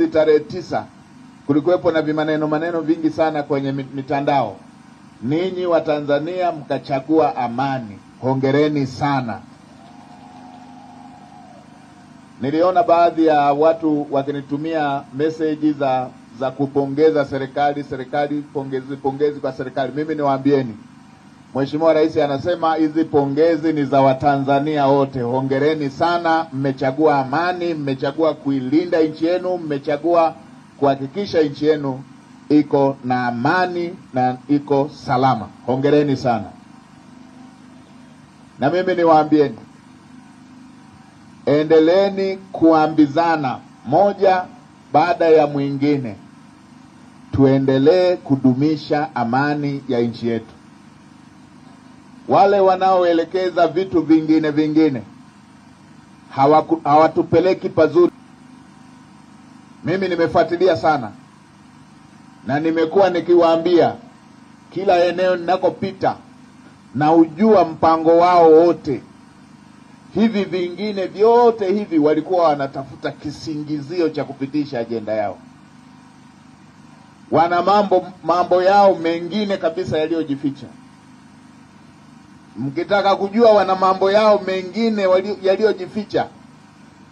juzi tarehe tisa kulikuwepo na vimaneno maneno vingi sana kwenye mitandao. Ninyi Watanzania mkachagua amani, hongereni sana. Niliona baadhi ya watu wakinitumia meseji za za kupongeza serikali, serikali pongezi, pongezi kwa serikali. Mimi niwaambieni Mheshimiwa Rais anasema hizi pongezi ni za Watanzania wote. Hongereni sana, mmechagua amani, mmechagua kuilinda nchi yenu, mmechagua kuhakikisha nchi yenu iko na amani na iko salama. Hongereni sana. Na mimi niwaambieni, endeleeni kuambizana moja baada ya mwingine, tuendelee kudumisha amani ya nchi yetu wale wanaoelekeza vitu vingine vingine hawaku, hawatupeleki pazuri. Mimi nimefuatilia sana na nimekuwa nikiwaambia kila eneo ninakopita, na ujua mpango wao wote. Hivi vingine vyote hivi walikuwa wanatafuta kisingizio cha kupitisha ajenda yao. Wana mambo mambo yao mengine kabisa yaliyojificha. Mkitaka kujua wana mambo yao mengine yaliyojificha,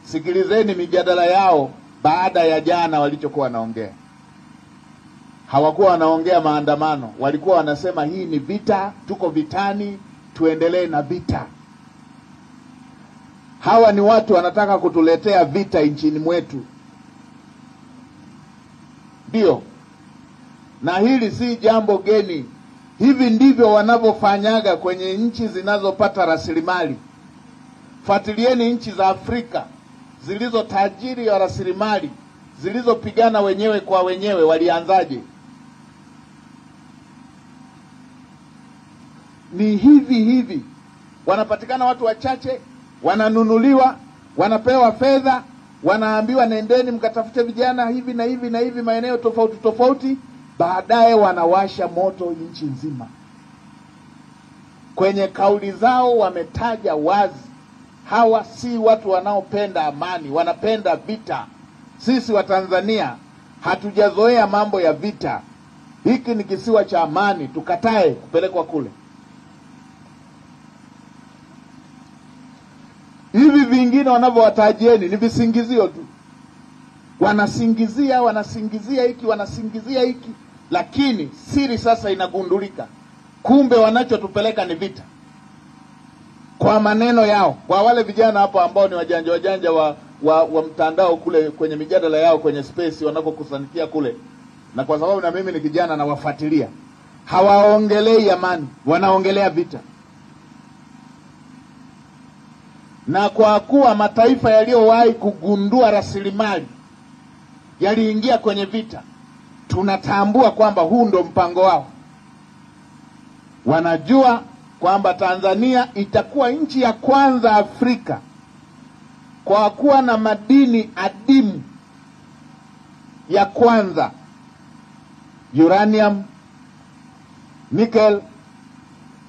sikilizeni mijadala yao baada ya jana walichokuwa wanaongea. Hawakuwa wanaongea maandamano, walikuwa wanasema hii ni vita, tuko vitani, tuendelee na vita. Hawa ni watu wanataka kutuletea vita nchini mwetu, ndio, na hili si jambo geni. Hivi ndivyo wanavyofanyaga kwenye nchi zinazopata rasilimali. Fuatilieni nchi za Afrika zilizo tajiri ya rasilimali, zilizopigana wenyewe kwa wenyewe, walianzaje? Ni hivi hivi, wanapatikana watu wachache, wananunuliwa, wanapewa fedha, wanaambiwa nendeni mkatafute vijana hivi na hivi na hivi maeneo tofauti tofauti baadaye wanawasha moto nchi nzima. Kwenye kauli zao wametaja wazi, hawa si watu wanaopenda amani, wanapenda vita. Sisi Watanzania hatujazoea mambo ya vita. Hiki ni kisiwa cha amani, tukatae kupelekwa kule. Hivi vingine wanavyowatajieni ni visingizio tu, wanasingizia wanasingizia hiki wanasingizia hiki lakini siri sasa inagundulika, kumbe wanachotupeleka ni vita kwa maneno yao, kwa wale vijana hapo ambao ni wajanja wajanja wa, wa, wa mtandao kule kwenye mijadala yao kwenye space wanakokusanikia kule, na kwa sababu na mimi ni kijana nawafuatilia, hawaongelei amani, wanaongelea vita. Na kwa kuwa mataifa yaliyowahi kugundua rasilimali yaliingia kwenye vita tunatambua kwamba huu ndo mpango wao. Wanajua kwamba Tanzania itakuwa nchi ya kwanza Afrika kwa kuwa na madini adimu ya kwanza uranium, nickel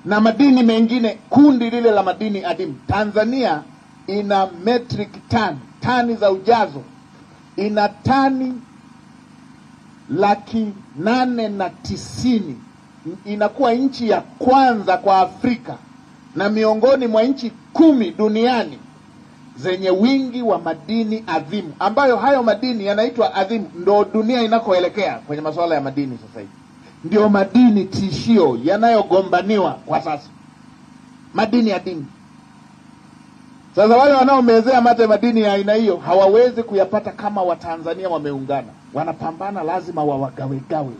na madini mengine, kundi lile la madini adimu. Tanzania ina metric ton, tani za ujazo, ina tani laki nane na tisini inakuwa nchi ya kwanza kwa Afrika na miongoni mwa nchi kumi duniani zenye wingi wa madini adhimu, ambayo hayo madini yanaitwa adhimu. Ndo dunia inakoelekea kwenye masuala ya madini sasa hivi, ndio madini tishio yanayogombaniwa kwa sasa, madini adhimu. Sasa wale wanaomezea mate madini ya aina hiyo hawawezi kuyapata kama Watanzania wameungana wanapambana, lazima wawagawegawe.